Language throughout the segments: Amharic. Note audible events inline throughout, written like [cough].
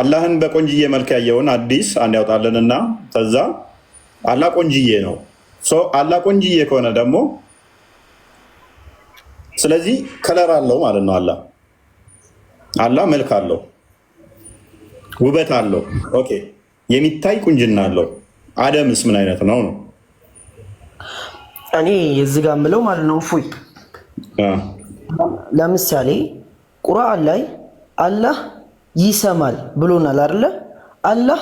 አላህን በቆንጅዬ መልክ ያየውን አዲስ አንድ ያውጣልንና ከዛ አላህ ቆንጅዬ ነው። አላህ ቆንጅዬ ከሆነ ደግሞ ስለዚህ ከለር አለው ማለት ነው። አላህ አላህ መልክ አለው፣ ውበት አለው። ኦኬ የሚታይ ቁንጅና አለው። አደምስ ምን አይነት ነው ነው እኔ የዚህ ጋር የምለው ማለት ነው። እፎይ ለምሳሌ ቁርአን ላይ አላህ ይሰማል ብሎናል አይደለ? አላህ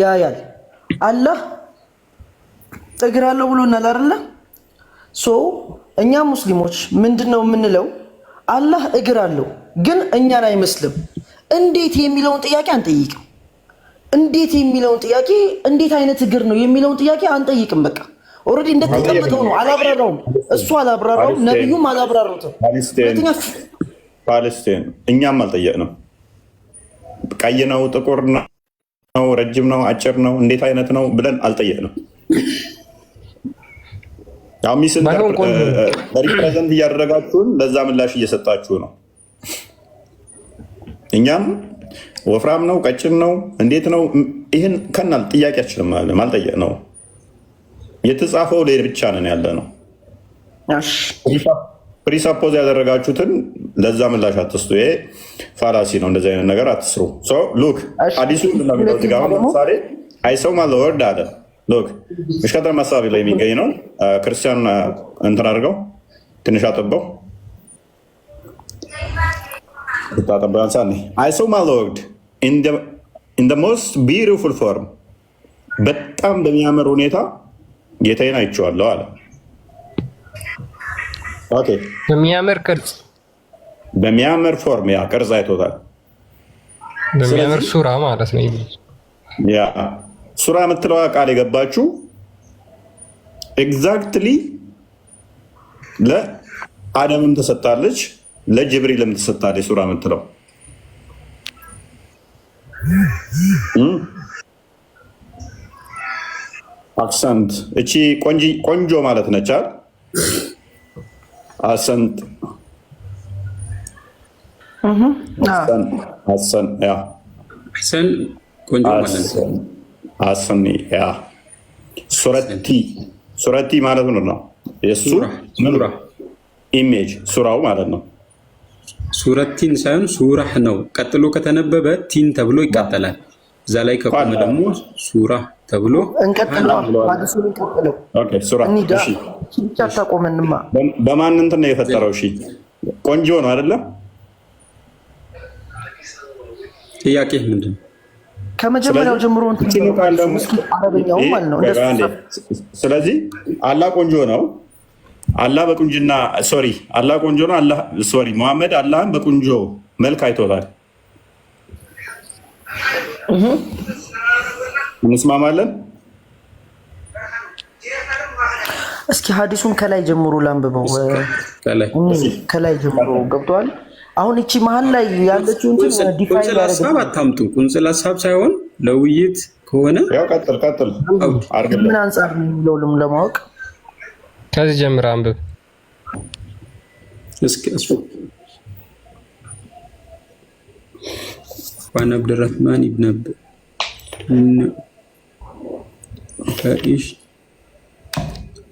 ያያል። አላህ እግር አለው ብሎናል አይደለ? ሶ እኛ ሙስሊሞች ምንድን ነው የምንለው? አላህ እግር አለው ግን እኛን አይመስልም። እንዴት የሚለውን ጥያቄ አንጠይቅም። እንዴት የሚለውን ጥያቄ እንዴት አይነት እግር ነው የሚለውን ጥያቄ አንጠይቅም። በቃ ኦልሬዲ እንደተቀመጠው ነው። አላብራራውም፣ እሱ አላብራራውም፣ ነቢዩም አላብራሩትም። ፓለስቲን እኛም አልጠየቅንም። ቀይ ነው፣ ጥቁር ነው፣ ረጅም ነው፣ አጭር ነው፣ እንዴት አይነት ነው ብለን አልጠየቅንም። ያው ሚስን ሪፕሬዘንት እያደረጋችሁን ለዛ ምላሽ እየሰጣችሁ ነው። እኛም ወፍራም ነው፣ ቀጭን ነው፣ እንዴት ነው ይህን ከናል ጥያቄያችንም አልጠየቅ ነው። የተጻፈው ብቻ ነን ያለ ነው። ፕሪሳፖዝ ያደረጋችሁትን ለዛ ምላሽ አትስጡ። ይሄ ፋላሲ ነው። እንደዚህ አይነት ነገር አትስሩ። ሉክ አዲሱ ለምሳሌ አይሰው አለ ወርድ አለ ሉክ ምሽከተል አካባቢ ላይ የሚገኝ ነው። ክርስቲያን እንትን አድርገው ትንሽ አጥበው ብታጠበው አይሰው ማለወርድ ኢን ደ ሞስት ቢዩቲፉል ፎርም በጣም በሚያምር ሁኔታ ጌታዬን አይቼዋለሁ አለ በሚያምር ቅርጽ በሚያምር ፎርም ያ ቅርጽ አይቶታል። በሚያምር ሱራ ማለት ነው። ያ ሱራ የምትለዋ ቃል የገባችው ኤግዛክትሊ ለአደምም ተሰጣለች፣ ለጅብሪልም ተሰጣለች። ሱራ የምትለው አክሰንት እቺ ቆንጆ ማለት ነቻል Asante. ሱረቲ ሱረቲ ማለት ምንድን ነው? የእሱ ኢሜጅ ሱራው ማለት ነው። ሱረቲን ሳይሆን ሱራህ ነው። ቀጥሎ ከተነበበ ቲን ተብሎ ይቃጠላል። እዛ ላይ ከቆመ ደግሞ ሱራ ተብሎ በማን እንትን ነው የፈጠረው? እሺ ቆንጆ ነው አይደለም? ጥያቄ ምንድን ነው? ከመጀመሪያው ጀምሮ ስለዚህ አላ ቆንጆ ነው። አላ በቁንጅና ሶሪ፣ አላ ቆንጆ ነው። አላህ ሶሪ፣ መሐመድ አላህን በቁንጆ መልክ አይቶታል። እንስማማለን። እስኪ ሀዲሱን ከላይ ጀምሮ ላንብበው። ከላይ ጀምሮ ገብቷል። አሁን እቺ መሀል ላይ ያለችው ቁንጽል ሀሳብ አታምጡ። ቁንጽል ሀሳብ ሳይሆን ለውይይት ከሆነ ቀጥል ቀጥል። ምን አንጻር ነው የሚለውልም ለማወቅ ከዚህ ጀምር አንብብ وعن عبد الرحمن بن عائش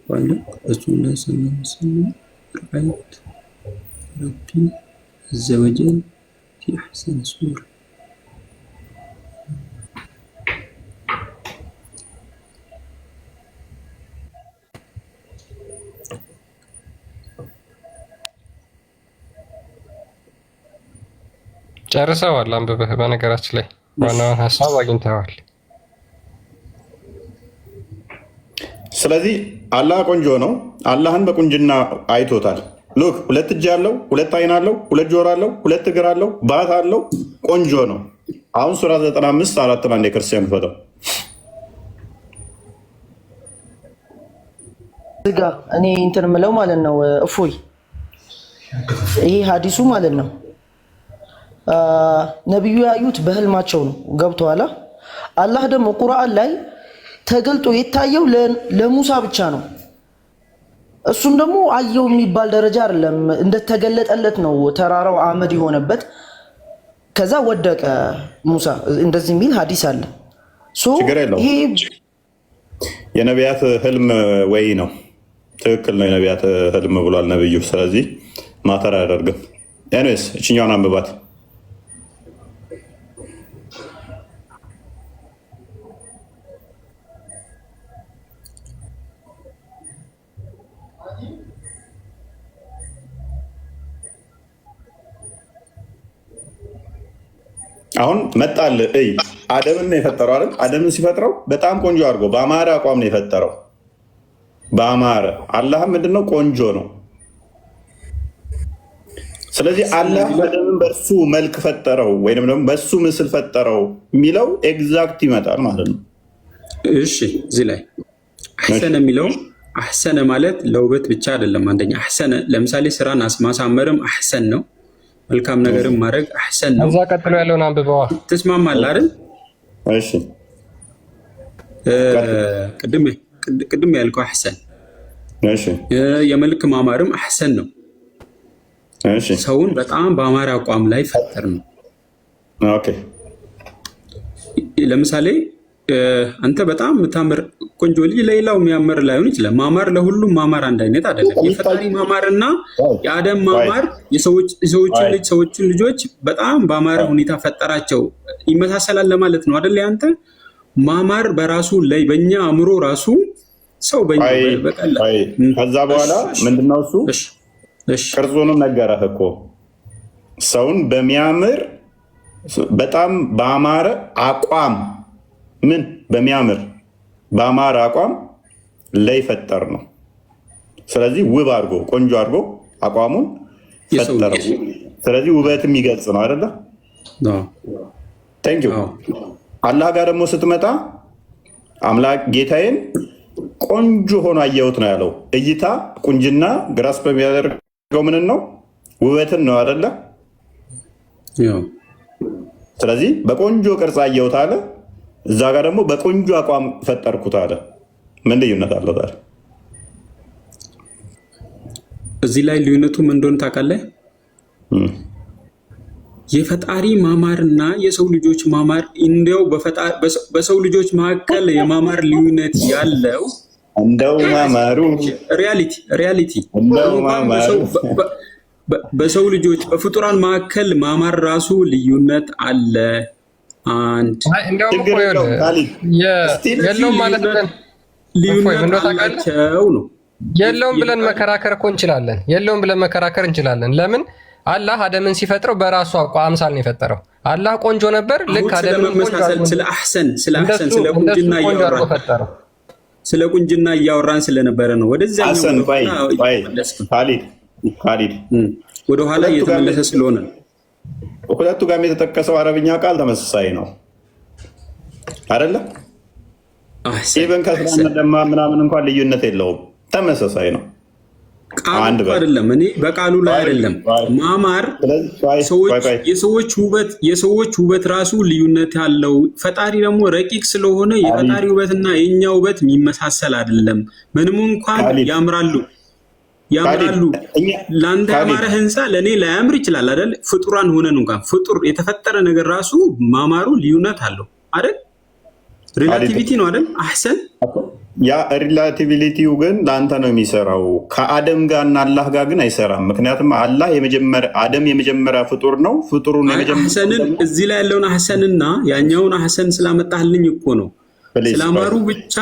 قال رسول الله صلى الله عليه وسلم رأيت ربي عز وجل في أحسن صورة ጨርሰዋል። አንብበህ በነገራችን ላይ ዋናውን ሀሳብ አግኝተዋል። ስለዚህ አላህ ቆንጆ ነው። አላህን በቁንጅና አይቶታል። ሉክ ሁለት እጅ አለው፣ ሁለት አይን አለው፣ ሁለት ጆሮ አለው፣ ሁለት እግር አለው፣ ባት አለው፣ ቆንጆ ነው። አሁን ሱራ 95 አራት አንድ የክርስቲያን ፈተው እኔ እንትን ምለው ማለት ነው እፎይ ይሄ ሀዲሱ ማለት ነው ነቢዩ ያዩት በህልማቸው ነው። ገብተዋላ። አላህ ደግሞ ቁርአን ላይ ተገልጦ የታየው ለሙሳ ብቻ ነው። እሱም ደግሞ አየው የሚባል ደረጃ አይደለም፣ እንደተገለጠለት ነው። ተራራው አመድ የሆነበት ከዛ ወደቀ ሙሳ፣ እንደዚህ የሚል ሀዲስ አለ። የነቢያት ህልም ወይ ነው። ትክክል ነው። የነቢያት ህልም ብሏል ነብዩ። ስለዚህ ማተር አያደርግም። ኒስ እችኛውን አንብባት አሁን መጣል እይ አደምን ነው የፈጠረው አይደል? አደምን ሲፈጥረው በጣም ቆንጆ አድርጎ በአማረ አቋም ነው የፈጠረው። በአማረ አላህ ምንድነው ቆንጆ ነው። ስለዚህ አላህ አደምን በእሱ መልክ ፈጠረው ወይንም ደግሞ በእሱ ምስል ፈጠረው የሚለው ኤግዛክት ይመጣል ማለት ነው። እሺ እዚህ ላይ አሕሰነ የሚለው አሕሰነ ማለት ለውበት ብቻ አይደለም። አንደኛ አሕሰነ ለምሳሌ ስራን ማሳመርም አሕሰን ነው መልካም ነገርም ማድረግ አሕሰን ነው። እዛ ቀጥሎ ያለውን አንብበዋ። ትስማማለህ አይደል? እሺ ቅድም ያልከው አሕሰን፣ የመልክ ማማርም አሕሰን ነው። ሰውን በጣም በአማር አቋም ላይ ፈጠር ነው። ለምሳሌ አንተ በጣም የምታምር ቆንጆ ልጅ ለሌላው የሚያምር ላይሆን ይችላል። ማማር ለሁሉም ማማር አንድ አይነት አይደለም። የፈጣሪ ማማር እና የአደም ማማር የሰዎችን ልጅ ሰዎችን ልጆች በጣም በአማረ ሁኔታ ፈጠራቸው ይመሳሰላል ለማለት ነው አደለ? አንተ ማማር በራሱ ላይ በእኛ አእምሮ ራሱ ሰው በእኛ ከዛ በኋላ ምንድነው እሱ ቅርጹንም ነገረህ እኮ ሰውን በሚያምር በጣም በአማረ አቋም ምን በሚያምር በአማረ አቋም ላይ ፈጠር ነው። ስለዚህ ውብ አድርጎ ቆንጆ አድርጎ አቋሙን ፈጠረ። ስለዚህ ውበት የሚገልጽ ነው አይደለ? ቴንክ ዩ። አላህ ጋር ደግሞ ስትመጣ አምላክ ጌታዬን ቆንጆ ሆኖ አየሁት ነው ያለው። እይታ ቁንጅና ግራስ በሚያደርገው ምንን ነው? ውበትን ነው አይደለ? ስለዚህ በቆንጆ ቅርጽ አየሁት አለ። እዛ ጋር ደግሞ በቆንጆ አቋም ፈጠርኩት አለ። ምን ልዩነት አለው ታዲያ? እዚህ ላይ ልዩነቱ ምን እንደሆነ ታውቃለህ? የፈጣሪ ማማር እና የሰው ልጆች ማማር እንደው በሰው ልጆች መካከል የማማር ልዩነት ያለው እንደው ማማሩ ሪያሊቲ ሪያሊቲ በሰው ልጆች በፍጡራን መካከል ማማር ራሱ ልዩነት አለ። አንድ የለውም ብለን መከራከር እኮ እንችላለን። የለውም ብለን መከራከር እንችላለን። ለምን አላህ አደምን ሲፈጥረው በራሱ አቋ አምሳል ነው የፈጠረው። አላህ ቆንጆ ነበር። ልክ አደምን ስለ ቁንጅና እያወራን ስለነበረ ነው። ወደዚያ ወደኋላ እየተመለሰ ስለሆነ ሁለቱ ጋርም የተጠቀሰው አረብኛ ቃል ተመሳሳይ ነው አይደለም? ኢቨን ከስላም ምናምን እንኳን ልዩነት የለውም፣ ተመሳሳይ ነው። ቃሉ አይደለም እኔ በቃሉ ላይ አይደለም ማማር የሰዎች ውበት የሰዎች ውበት ራሱ ልዩነት ያለው ፈጣሪ ደግሞ ረቂቅ ስለሆነ የፈጣሪ ውበትና የእኛ ውበት የሚመሳሰል አይደለም። ምንም እንኳን ያምራሉ ያምራሉ። ለአንተ ያማረ ህንፃ ለእኔ ላያምር ይችላል አይደል? ፍጡራን ሆነን እንኳን ፍጡር የተፈጠረ ነገር ራሱ ማማሩ ልዩነት አለው አይደል? ሪላቲቪቲ ነው አይደል? አህሰን ያ ሪላቲቪቲው ግን ለአንተ ነው የሚሰራው። ከአደም ጋር እና አላህ ጋር ግን አይሰራም። ምክንያቱም አላህ አደም የመጀመሪያ ፍጡር ነው። ፍጡሩን አህሰንን እዚህ ላይ ያለውን አህሰንና ያኛውን አህሰን ስላመጣልኝ እኮ ነው ስላማሩ ብቻ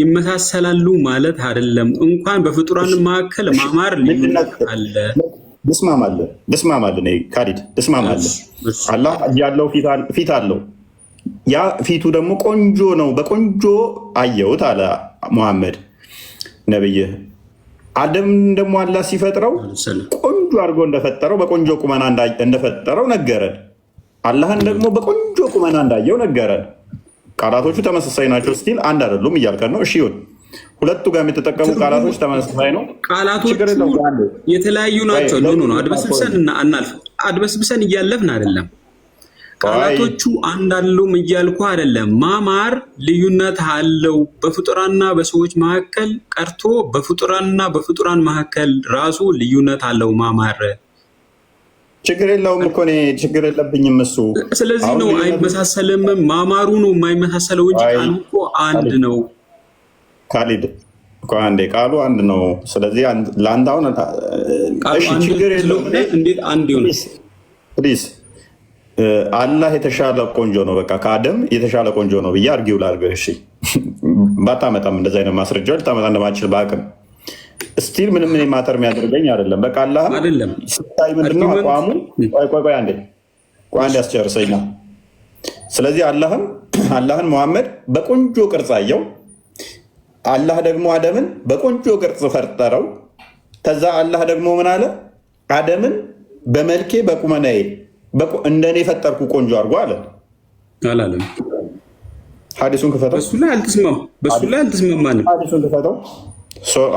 ይመሳሰላሉ ማለት አይደለም። እንኳን በፍጡራን መካከል ማማር ልዩነት አለ። ልስማማለህ ልስማማለህ ካሪድ ልስማማለህ። አላህ ያለው ፊት አለው። ያ ፊቱ ደግሞ ቆንጆ ነው። በቆንጆ አየሁት አለ ሙሐመድ ነብይህ። አደም ደግሞ አላህ ሲፈጥረው ቆንጆ አድርጎ እንደፈጠረው በቆንጆ ቁመና እንደፈጠረው ነገረን። አላህን ደግሞ በቆንጆ ቁመና እንዳየው ነገረን። ቃላቶቹ ተመሳሳይ ናቸው ስቲል አንድ አይደሉም እያልከን ነው። እሺ ይሁን። ሁለቱ ጋር የምትጠቀሙ ቃላቶች ተመሳሳይ ነው። ቃላቶቹ የተለያዩ ናቸው። ኖ ኖ አድበስብሰን እናልፍ አድበስብሰን እያለፍን አይደለም። ቃላቶቹ አንድ አይደሉም እያልኩ አይደለም። ማማር ልዩነት አለው። በፍጡራና በሰዎች መካከል ቀርቶ በፍጡራና በፍጡራን መካከል ራሱ ልዩነት አለው ማማር ችግር የለውም እኮ እኔ ችግር የለብኝም። እሱ ስለዚህ ነው አይመሳሰልም። ማማሩ ነው የማይመሳሰለው እንጂ ቃሉ እኮ አንድ ነው። ካሊድ እኮ አንዴ ቃሉ አንድ ነው። ስለዚህ ለአንድ አሁን ችግር የለውም። እንዴት አንድ ሆነ? ፕሊዝ አላህ የተሻለ ቆንጆ ነው፣ በቃ ከአደም የተሻለ ቆንጆ ነው ብዬ አድርጊው ላድርገው። እሺ ባታመጣም እንደዚህ አይነት ማስረጃዎች ታመጣ እንደማችል በአቅም ስቲል ምንም እኔ ማተር የሚያደርገኝ አይደለም። በቃ አላ ስታይ ምንድነው አቋሙ? ቆይ ቆይ ቆይ አንዴ ቆይ አንዴ አስጨርሰኝ። ስለዚህ አላህም አላህን መሐመድ በቆንጆ ቅርጽ አየው። አላህ ደግሞ አደምን በቆንጆ ቅርጽ ፈጠረው። ከዛ አላህ ደግሞ ምን አለ? አደምን በመልኬ በቁመናዬ እንደኔ የፈጠርኩ ቆንጆ አድርጎ አለ አላለም። ሐዲሱን ክፈተው። በሱ ላይ አልተስማማንም። ሐዲሱን ክፈተው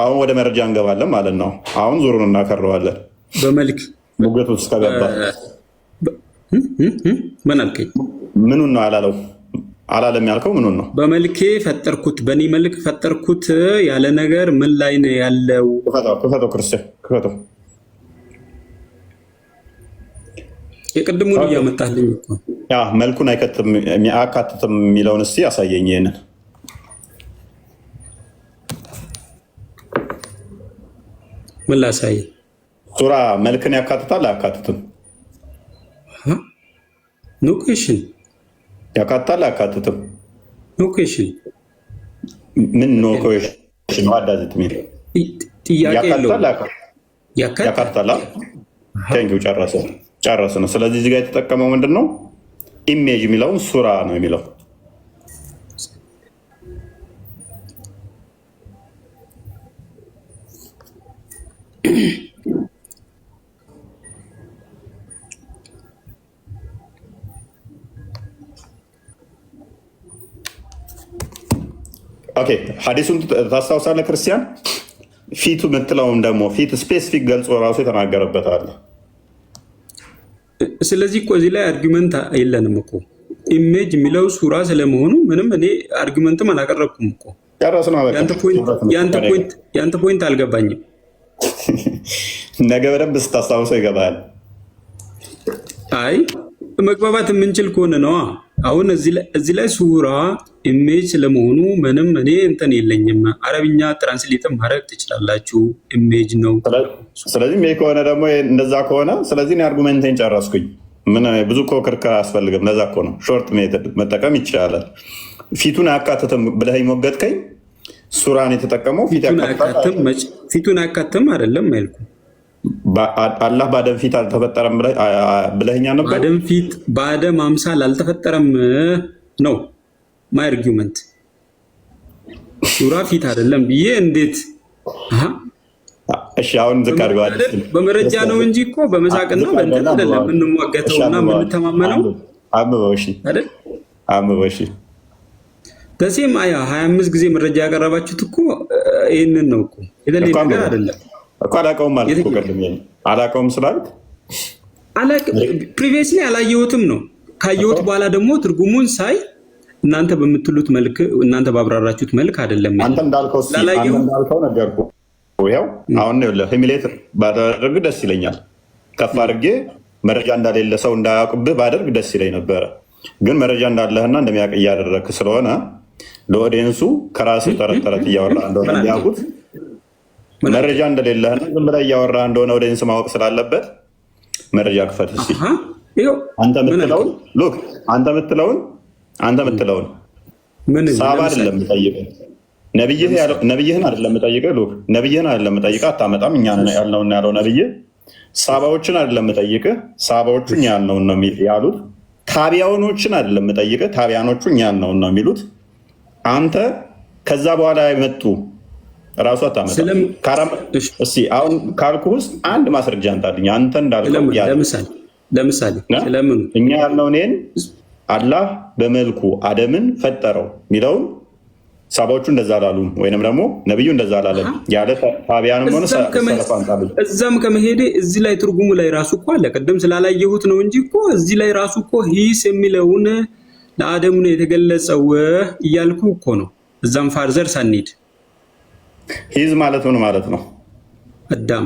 አሁን ወደ መረጃ እንገባለን ማለት ነው። አሁን ዙሩን እናከረዋለን። በመልክ ሙገቱ እስከገባ ምን አልከኝ? ምኑን ነው አላለው አላለም ያልከው ምኑን ነው? በመልኬ ፈጠርኩት፣ በእኔ መልክ ፈጠርኩት ያለ ነገር ምን ላይ ነው ያለው? ክፈተው ክርስቲያን ክፈተው። የቅድሙን እያመጣልኝ መልኩን አይከትም አካትትም የሚለውን እስኪ ያሳየኝ ይሄንን ምን ላሳይ? ሱራ መልክን ያካትታል አያካትትም? ሎኬሽን ያካትታል አያካትትም? ሎኬሽን ምን ሎኬሽን ዋዳዘት ሚል ጥያቄ ያካትታል። ቴንኪው ጨረስን። ስለዚህ እዚህ ጋ የተጠቀመው ምንድን ነው? ኢሜጅ የሚለውን ሱራ ነው የሚለው ኦኬ ሀዲሱን ታስታውሳለ ክርስቲያን? ፊቱ የምትለውም ደግሞ ፊት ስፔሲፊክ ገልጾ ራሱ አለ። ስለዚህ እኮ እዚህ ላይ አርጊመንት የለንም እኮ ኢሜጅ የሚለው ሱራ ስለመሆኑ ምንም እኔ አርጊመንትም አላቀረብኩም እኮ። ያንተ ፖይንት አልገባኝም። [laughs] ነገ በደንብ ስታስታውሰው ይገባል። አይ መግባባት የምንችል ከሆነ ነዋ። አሁን እዚህ ላይ ሱራ ኢሜጅ ለመሆኑ ምንም እኔ እንትን የለኝም። አረብኛ ትራንስሌት ማድረግ ትችላላችሁ። ኢሜጅ ነው። ስለዚህ ይህ ከሆነ ደግሞ እንደዛ ከሆነ ስለዚህ አርጉመንቴን ጨረስኩኝ። ምን ብዙ እኮ ክርክር አያስፈልግም። ለዛ እኮ ነው ሾርት ሜትድ መጠቀም ይቻላል። ፊቱን አያካትትም ብለህ ሞገጥከኝ። ሱራን የተጠቀመው ፊቱን አያካትም አይደለም አልኩ። አላህ በአደም ፊት አልተፈጠረም ብለኛ ነበር። በአደም ፊት በአደም አምሳል አልተፈጠረም ነው ማይ አርጊመንት። ሱራ ፊት አይደለም ብዬ እንዴት? እሺ አሁን ዝቅ አድርገዋል። በመረጃ ነው እንጂ እኮ በመሳቅና በእንትን አይደለም የምንሟገተውና የምንተማመነው። አንብበው እሺ፣ አንብበው እሺ በሴም አያ አምስት ጊዜ መረጃ ያቀረባችሁት እኮ ይህንን ነው እኮ የተለየ ነገር አይደለም እኮ። አላቀውም ማለት እኮ ቀድሜ አላቀውም ስላልክ ፕሪቪየስሊ አላየሁትም ነው። ካየሁት በኋላ ደግሞ ትርጉሙን ሳይ እናንተ በምትሉት መልክ እናንተ ባብራራችሁት መልክ አይደለም። አንተ እንዳልከው እንዳልከው ይኸው አሁን ሂሚሌትር ባደርግ ደስ ይለኛል። ከፍ አድርጌ መረጃ እንዳሌለ ሰው እንዳያውቅብህ ባደርግ ደስ ይለኝ ነበረ። ግን መረጃ እንዳለህና እንደሚያውቅ እያደረግህ ስለሆነ ለኦዲየንሱ ከራሱ ተረት ተረት እያወራ እንደሆነ እንዲያውቁት መረጃ እንደሌለ ዝም ብለህ እያወራ እንደሆነ ኦዲየንስ ማወቅ ስላለበት መረጃ ክፈት እስኪ። አንተ የምትለውን ሉክ አንተ የምትለውን አንተ የምትለውን ሳባ አይደለም የምጠይቀው ነብይህን አይደለም የምጠይቀው ሉክ ነብይህን አይደለም የምጠይቀው አታመጣም። እኛ ያልነውን ያለው ነብይ ሳባዎችን አይደለም የምጠይቅህ ሳባዎቹ እኛ ያልነውን ነው ያሉት። ታቢያኖችን አይደለም የምጠይቅህ ታቢያኖቹ እኛ ያልነውን ነው የሚሉት አንተ ከዛ በኋላ የመጡ ራሷ አታመጣም። ካልኩ ውስጥ አንድ ማስረጃ እንታልኝ አንተ እንዳልከው ለምሳሌ ስለምኑ እኛ ያልነው እኔን አላህ በመልኩ አደምን ፈጠረው የሚለውን ሳባዎቹ እንደዛ አላሉ፣ ወይንም ደግሞ ነብዩ እንደዛ አላለም ያለ ታቢያንም ሆነ እዛም ከመሄዴ እዚህ ላይ ትርጉሙ ላይ ራሱ እኮ አለ። ቅድም ስላላየሁት ነው እንጂ እኮ እዚህ ላይ ራሱ እኮ ሂስ የሚለውን ለአደሙ ነው የተገለጸው እያልኩ እኮ ነው። እዛም ፋርዘር ሳንሄድ ሂዝ ማለት ምን ማለት ነው? አዳም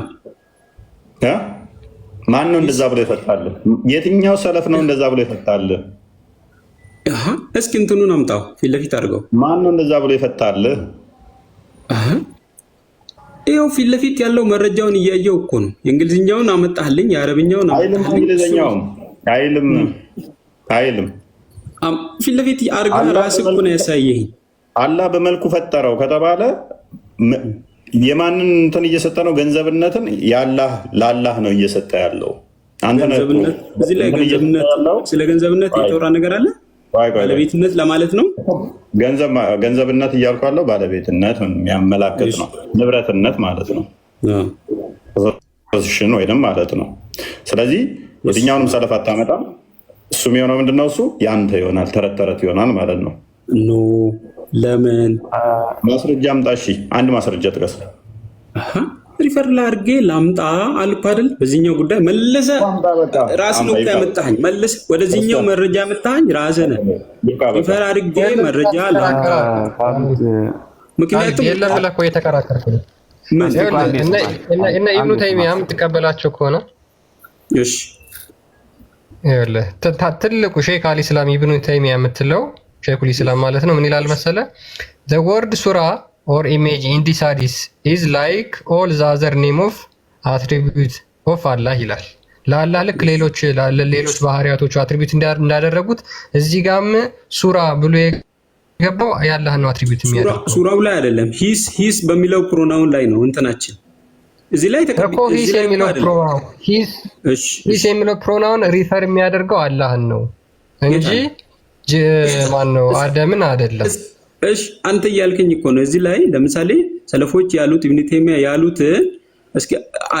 ማን ነው እንደዛ ብሎ ይፈታል? የትኛው ሰለፍ ነው እንደዛ ብሎ ይፈታል? እስኪ እንትኑን አምጣው ፊት ለፊት አድርገው። ማን ነው እንደዛ ብሎ ይፈታል? ይኸው ፊት ለፊት ያለው መረጃውን እያየው እኮ ነው። የእንግሊዝኛውን አመጣልኝ፣ የአረብኛውን አይልም፣ አይልም ፊት ለፊት አድርገህ ራስህ እኮ ነው ያሳየኸኝ። አላህ በመልኩ ፈጠረው ከተባለ የማንን እንትን እየሰጠ ነው? ገንዘብነትን ያላህ ላላህ ነው እየሰጠ ያለው። ስለ ገንዘብነት የተወራ ነገር አለ። ባለቤትነት ለማለት ነው። ገንዘብነት እያልኩ ያለው ባለቤትነት የሚያመላክት ነው። ንብረትነት ማለት ነው። ሽን ወይም ማለት ነው። ስለዚህ የትኛውንም ሰለፍ አታመጣም። እሱ የሚሆነው ምንድነው? እሱ የአንተ ይሆናል፣ ተረት ተረት ይሆናል ማለት ነው። ኖ ለምን ማስረጃ አምጣ። እሺ አንድ ማስረጃ ጥቀስ። ሪፈር ላድርጌ ላምጣ አልኩህ አይደል? በዚህኛው ጉዳይ መለሰ ራስ ነው ያመጣኸኝ። መለሰ ወደዚህኛው መረጃ ያመጣኸኝ ራስህ ነህ። ሪፈር አድርጌ መረጃ ላምጣ። ምክንያቱም የለም ብለህ እኮ እየተከራከርክ ነው። እነ ኢብኑ ተይሚያም ትቀበላቸው ከሆነ እሺ ትልቁ ሼክ አል ኢስላም ኢብኑ ተይሚያ የምትለው ሼኩል ኢስላም ማለት ነው። ምን ይላል መሰለ ዘ ወርድ ሱራ ኦር ኢሜጅ ኢን ዲስ ሀዲስ ኢዝ ላይክ ኦል ዘ አዘር ኔም ኦፍ አትሪቢዩት ኦፍ አላህ ይላል። ለአላህ ልክ ሌሎች ሌሎች ባህሪያቶቹ አትሪቢዩት እንዳደረጉት እዚህ ጋም ሱራ ብሎ የገባው የአላህን ነው አትሪቢዩት የሚያደርገው ሱራው ላይ አይደለም። ሂስ ሂስ በሚለው ፕሮናውን ላይ ነው እንትናችን እዚህ ላይ ተቀብለው ሂስ የሚለው ፕሮናውን ሂስ የሚለው ፕሮናውን ሪፈር የሚያደርገው አላህን ነው እንጂ ማነው አደምን አይደለም። እሺ አንተ እያልከኝ እኮ ነው። እዚህ ላይ ለምሳሌ ሰለፎች ያሉት ኢብኑ ተይሚያ ያሉት እስኪ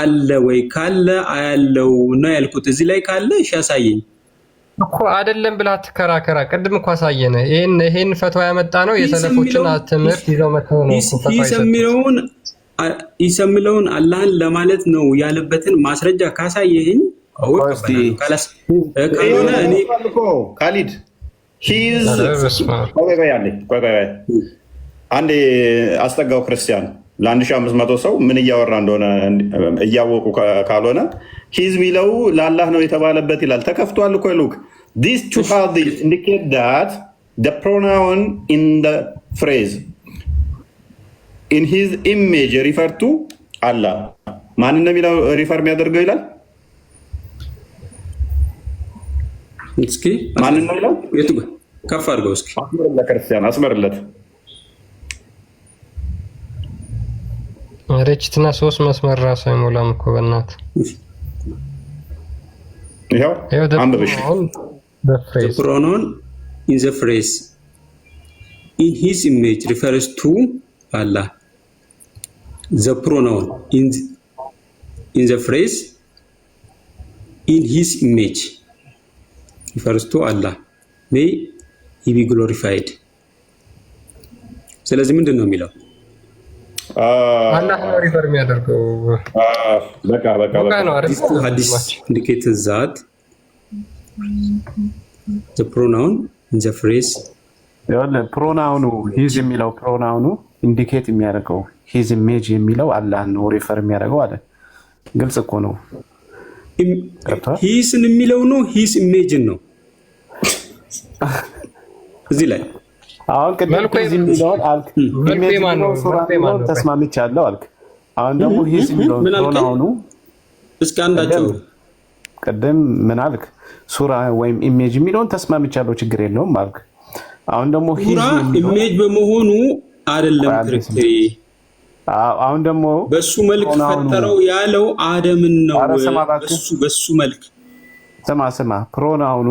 አለ ወይ ካለ አያለው ነው ያልኩት። እዚህ ላይ ካለ እሺ ያሳየኝ እኮ አይደለም ብላ ትከራከራ። ቅድም እኮ አሳየነ። ይሄን ይሄን ፈትዋ ያመጣ ነው የሰለፎችን ትምህርት ይዘው መተው ነው የሚለውን ይሰምለውን አላህን ለማለት ነው ያለበትን ማስረጃ ካሳየኝ ካልሆነ ካሊድ አንድ አስጠጋው ክርስቲያን ለአንድ ሺህ አምስት መቶ ሰው ምን እያወራ እንደሆነ እያወቁ ካልሆነ ሂዝ ሚለው ለአላህ ነው የተባለበት ይላል። ተከፍቷል እኮ ሉክ ዲስ ቱ ኢንዲኬት ዳት ፕሮናውን ኢን ፍሬዝ ኢን ሂዝ ኢሜጅ ሪፈር ቱ አላ ማንን ነው የሚለው ሪፈር የሚያደርገው ይላል። እስኪ ማንን ነው የቱ ከፍ አድርገው እስኪ አስመርለት፣ ክርስቲያን አስመርለት። መሬችትና ሶስት መስመር ራሱ አይሞላም እኮ በእናትህ ይኸው አንብብሽ ፕሮኖን ኢን ዘ ፍሬዝ ኢን ሂዝ ኢሜጅ ሪፈርስ ቱ አላህ ዘ ፕሮናውን ኢን ዘ ፍሬዝ ኢን ሂስ ኢሜጅ ሪፈርስ ቱ አላህ ሜይ ሂ ቢ ግሎሪፋይድ። ስለዚህ ምንድን ነው የሚለው? ፕሮናውን ፕሮናውኑ ሂዝ የሚለው ፕሮናውኑ ኢንዲኬት የሚያደርገው ሂዝ ኢሜጅ የሚለው አላህን ነው ሪፈር የሚያደርገው አለ። ግልጽ እኮ ነው። ሂስን የሚለው ነው ሂስ ኢሜጅን ነው እዚህ ላይ አሁን ቅድም የሚለውን አልክ ተስማምቻለሁ አልክ። አሁን ደግሞ ሂስ የሚለውን አሁኑ እስኪ አንዳቸው ቅድም ምን አልክ? ሱራ ወይም ኢሜጅ የሚለውን ተስማምቻለሁ ችግር የለውም አልክ። አሁን ደግሞ ሂስ ኢሜጅ በመሆኑ አይደለም ክርክሪ አሁን ደግሞ በሱ መልክ ፈጠረው ያለው አደምን ነው። በሱ መልክ ስማ ስማ፣ ፕሮናውኑ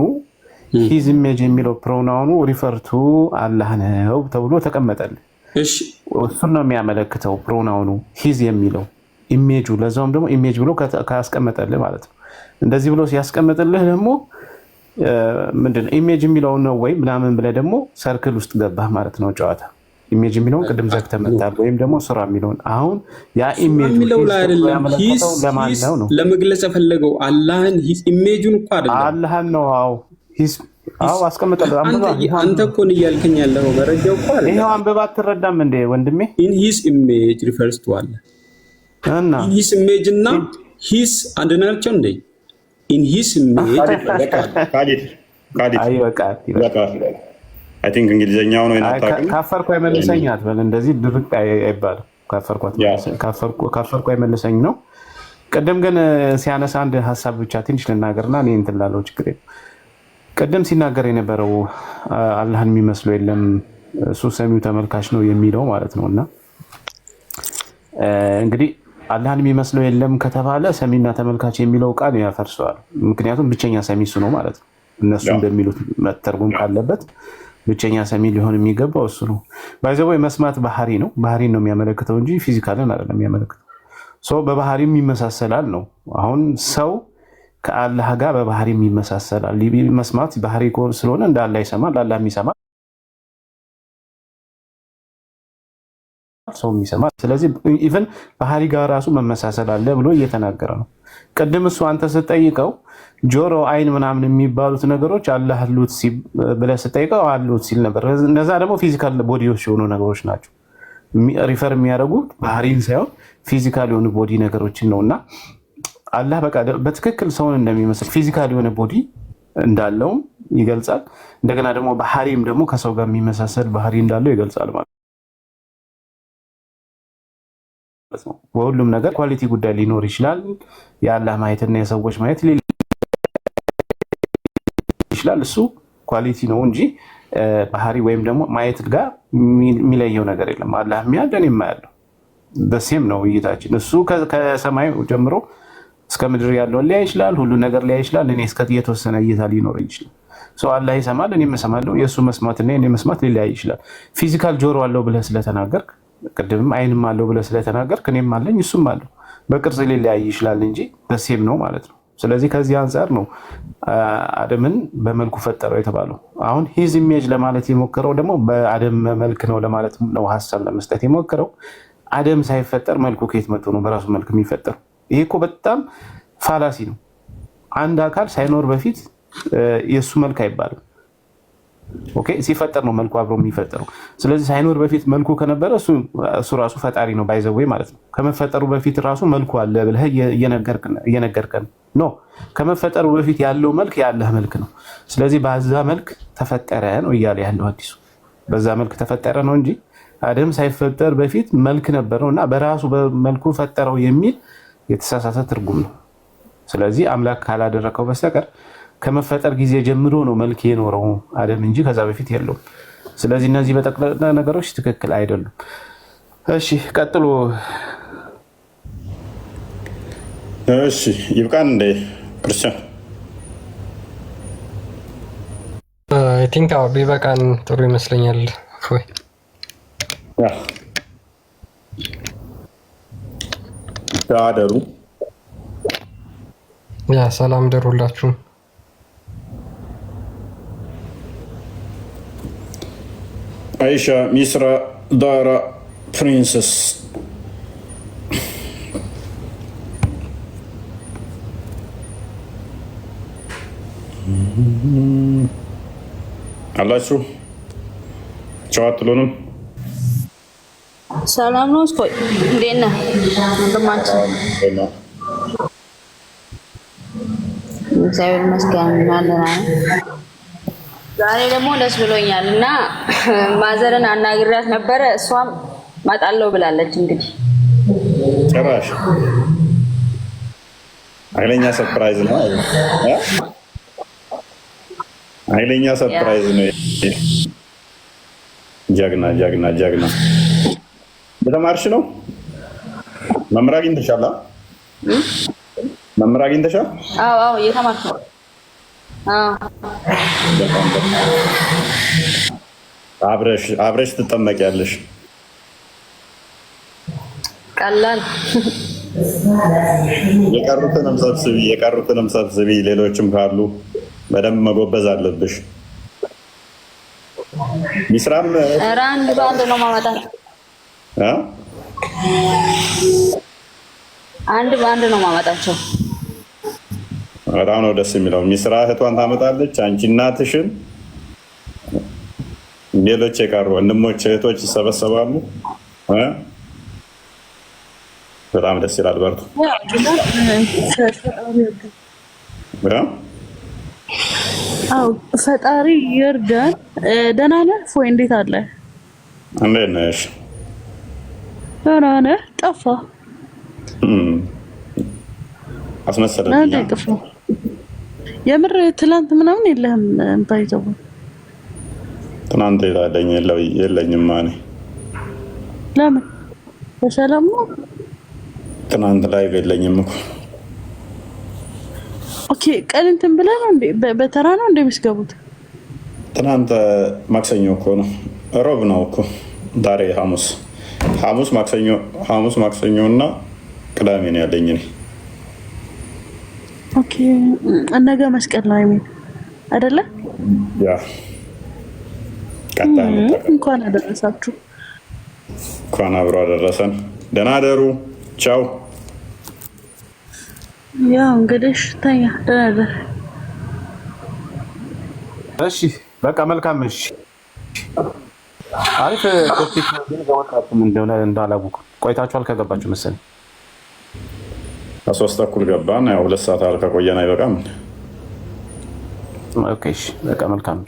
ሂዝ ኢሜጅ የሚለው ፕሮናውኑ ሪፈርቱ አላህ ነው ተብሎ ተቀመጠል። እሱን ነው የሚያመለክተው ፕሮናውኑ ሂዝ የሚለው ኢሜጁ፣ ለዛውም ደግሞ ኢሜጅ ብሎ ካስቀመጠልህ ማለት ነው። እንደዚህ ብሎ ሲያስቀምጥልህ ደግሞ ምንድን ነው ኢሜጅ የሚለውን ነው ወይ ምናምን ብለህ ደግሞ ሰርክል ውስጥ ገባህ ማለት ነው ጨዋታ ኢሜጅ የሚለውን ቅድም ዘግተ መጣል ወይም ደግሞ ስራ የሚለውን አሁን ያ ኢሜጅ የሚለው ላይ አይደለም ለመግለጽ የፈለገው አላህን ኢሜጁን እኮ አይደለም አላህን ነው። አዎ አዎ አስቀምጠል አንተ እኮን እያልከኝ ያለው መረጃው እኮ አለ። ይኸው አንብባ አትረዳም እንዴ ወንድሜ? ኢን ሂስ ኢሜጅ ሪፈርስ ቱ አለ እና ሂስ ኢሜጅ እና ሂስ አንድ ናቸው እንዴ? ኢን ሂስ ኢሜጅ ይበቃል። አይ ቲንክ እንግሊዝኛውን ወይ ካፈርኩ አይመልሰኝ አትበል። እንደዚህ ድርቅ አይባልም። ካፈርኩ አይመልሰኝ ነው። ቅድም ግን ሲያነሳ አንድ ሀሳብ ብቻ ትንሽ ልናገርና እኔ እንትን ላለው ችግር ቅድም ሲናገር የነበረው አላህን የሚመስለው የለም እሱ ሰሚው ተመልካች ነው የሚለው ማለት ነው። እና እንግዲህ አላህን የሚመስለው የለም ከተባለ ሰሚና ተመልካች የሚለው ቃል ያፈርሰዋል። ምክንያቱም ብቸኛ ሰሚ እሱ ነው ማለት ነው። እነሱ እንደሚሉት መተርጎም ካለበት ብቸኛ ሰሚ ሊሆን የሚገባው እሱ ነው። ባይዘቦ የመስማት ባህሪ ነው፣ ባህሪን ነው የሚያመለክተው እንጂ ፊዚካልን አይደለም የሚያመለክተው። ሰው በባህሪም ይመሳሰላል ነው። አሁን ሰው ከአላህ ጋር በባህሪም ይመሳሰላል። መስማት ባህሪ ስለሆነ እንደ አላህ ይሰማል፣ አላህም የሚሰማ ሰው የሚሰማ ስለዚህ ኢቨን ባህሪ ጋር ራሱ መመሳሰል አለ ብሎ እየተናገረ ነው። ቅድም እሱ አንተ ስትጠይቀው ጆሮ፣ አይን ምናምን የሚባሉት ነገሮች አላህ አሉት ብለህ ስጠይቀው አሉት ሲል ነበር። እነዛ ደግሞ ፊዚካል ቦዲዎች የሆኑ ነገሮች ናቸው። ሪፈር የሚያደርጉት ባህሪን ሳይሆን ፊዚካል የሆኑ ቦዲ ነገሮችን ነው እና አላህ በቃ በትክክል ሰውን እንደሚመስል ፊዚካል የሆነ ቦዲ እንዳለውም ይገልጻል። እንደገና ደግሞ ባህሪም ደግሞ ከሰው ጋር የሚመሳሰል ባህሪ እንዳለው ይገልጻል ማለት ነው። በሁሉም ነገር ኳሊቲ ጉዳይ ሊኖር ይችላል። የአላህ ማየትና የሰዎች ማየት ይችላል። እሱ ኳሊቲ ነው እንጂ ባህሪ ወይም ደግሞ ማየት ጋር የሚለየው ነገር የለም። አላህ የሚያለን የማያለው በሴም ነው እይታችን። እሱ ከሰማይ ጀምሮ እስከ ምድር ያለውን ሊያይ ይችላል፣ ሁሉ ነገር ሊያይ ይችላል። እኔ እስከ የተወሰነ እይታ ሊኖር ይችላል። ሰው አላህ ይሰማል፣ እኔም እሰማለሁ። የእሱ መስማትና የእኔ መስማት ሊለያይ ይችላል። ፊዚካል ጆሮ አለው ብለህ ስለተናገርክ ቅድምም አይንም አለው ብለህ ስለተናገርክ እኔም አለኝ እሱም አለው። በቅርጽ ሊለያይ ይችላል እንጂ በሴም ነው ማለት ነው። ስለዚህ ከዚህ አንጻር ነው አደምን በመልኩ ፈጠረው የተባለው። አሁን ሂዝ ኢሜጅ ለማለት የሞከረው ደግሞ በአደም መልክ ነው ለማለት ነው ሀሳብ ለመስጠት የሞከረው። አደም ሳይፈጠር መልኩ ከየት መጡ ነው በራሱ መልክ የሚፈጠረው? ይሄ እኮ በጣም ፋላሲ ነው። አንድ አካል ሳይኖር በፊት የእሱ መልክ አይባልም። ኦኬ ሲፈጠር ነው መልኩ አብሮ የሚፈጠረው። ስለዚህ ሳይኖር በፊት መልኩ ከነበረ እሱ ራሱ ፈጣሪ ነው ባይዘወይ ማለት ነው። ከመፈጠሩ በፊት ራሱ መልኩ አለ ብለህ እየነገርከን ኖ ከመፈጠሩ በፊት ያለው መልክ ያለህ መልክ ነው። ስለዚህ በዛ መልክ ተፈጠረ ነው እያለ ያለው አዲሱ በዛ መልክ ተፈጠረ ነው እንጂ አደም ሳይፈጠር በፊት መልክ ነበረው እና በራሱ መልኩ ፈጠረው የሚል የተሳሳተ ትርጉም ነው። ስለዚህ አምላክ ካላደረከው በስተቀር ከመፈጠር ጊዜ ጀምሮ ነው መልክ የኖረው አደም እንጂ ከዛ በፊት የለውም። ስለዚህ እነዚህ በጠቅላላ ነገሮች ትክክል አይደሉም። እሺ ቀጥሎ። እሺ ይብቃን እንደ ክርስቲያን ቲንካ ቢበቃን ጥሩ ይመስለኛል። ወይ አደሩ ያ ሰላም ደሩላችሁም Ayşe Misra Dara Princess አላችሁ ጨዋ አትሉንም? ሰላም ነው። እስኮ እንዴት ነህ ወንድማችን? እግዚአብሔር ይመስገን አለን። ዛሬ ደግሞ ደስ ብሎኛል እና ማዘርን አናግሪያት ነበረ። እሷም መጣለው ብላለች። እንግዲህ ጭራሽ ኃይለኛ ሰርፕራይዝ ነው፣ ኃይለኛ ሰርፕራይዝ ነው። ጀግና ጀግና ጀግና። በተማርሽ ነው? መምህር አግኝተሻል? መምህር አግኝተሻል? አዎ፣ እየተማርሽ ነው አብረሽ ትጠመቂያለሽ። ቀላል የቀሩትንም ሰብስቢ የቀሩትንም ሰብስቢ። ሌሎችም ካሉ በደንብ መጎበዝ አለብሽ። ሚስራም ኧረ አንድ በአንድ ነው ማመጣት። አንድ በአንድ ነው ማመጣቸው። በጣም ነው ደስ የሚለው። ሚስራ እህቷን ታመጣለች፣ አንቺ እናትሽን፣ ሌሎች የቀሩ ወንድሞች እህቶች ይሰበሰባሉ። በጣም ደስ ይላል። በርቱ። ፈጣሪ ይርዳን። ደህና ነህ ወይ? እንዴት አለ? እንዴት ነሽ? ደህና ነህ? ጠፋ አስመሰለኝ። የምር ትላንት ምናምን የለህም ባይዘው ትናንት የለው የለኝም። ማኔ ለምን በሰላም ነው? ትናንት ላይ የለኝም እኮ ኦኬ። ቀን እንትን ብለህ ነው በተራ ነው እንደሚስገቡት። ትናንት ማክሰኞ እኮ ነው፣ ሮብ ነው እኮ ዛሬ ሐሙስ ሐሙስ ማክሰኞ ሐሙስ ማክሰኞ እና ቅዳሜ ነው ያለኝ እኔ ኦኬ ነገ መስቀል ነው የሚል አይደለ? ያ እንኳን አደረሳችሁ። እንኳን አብሮ አደረሰን። ደህና ደሩ። ቻው። ያው እንግዲህ ተኛ፣ ደህና ደር። እሺ በቃ መልካም። እሺ አሪፍ ቶፒክ ግን ገወጣችሁ እንደሆነ እንዳላወኩም ቆይታችኋል ከገባችሁ መሰለኝ ከሶስት ተኩል ገባን። ያው ሁለት ሰዓት ያህል ከቆየን አይበቃም? ኦኬ፣ በቃ መልካም።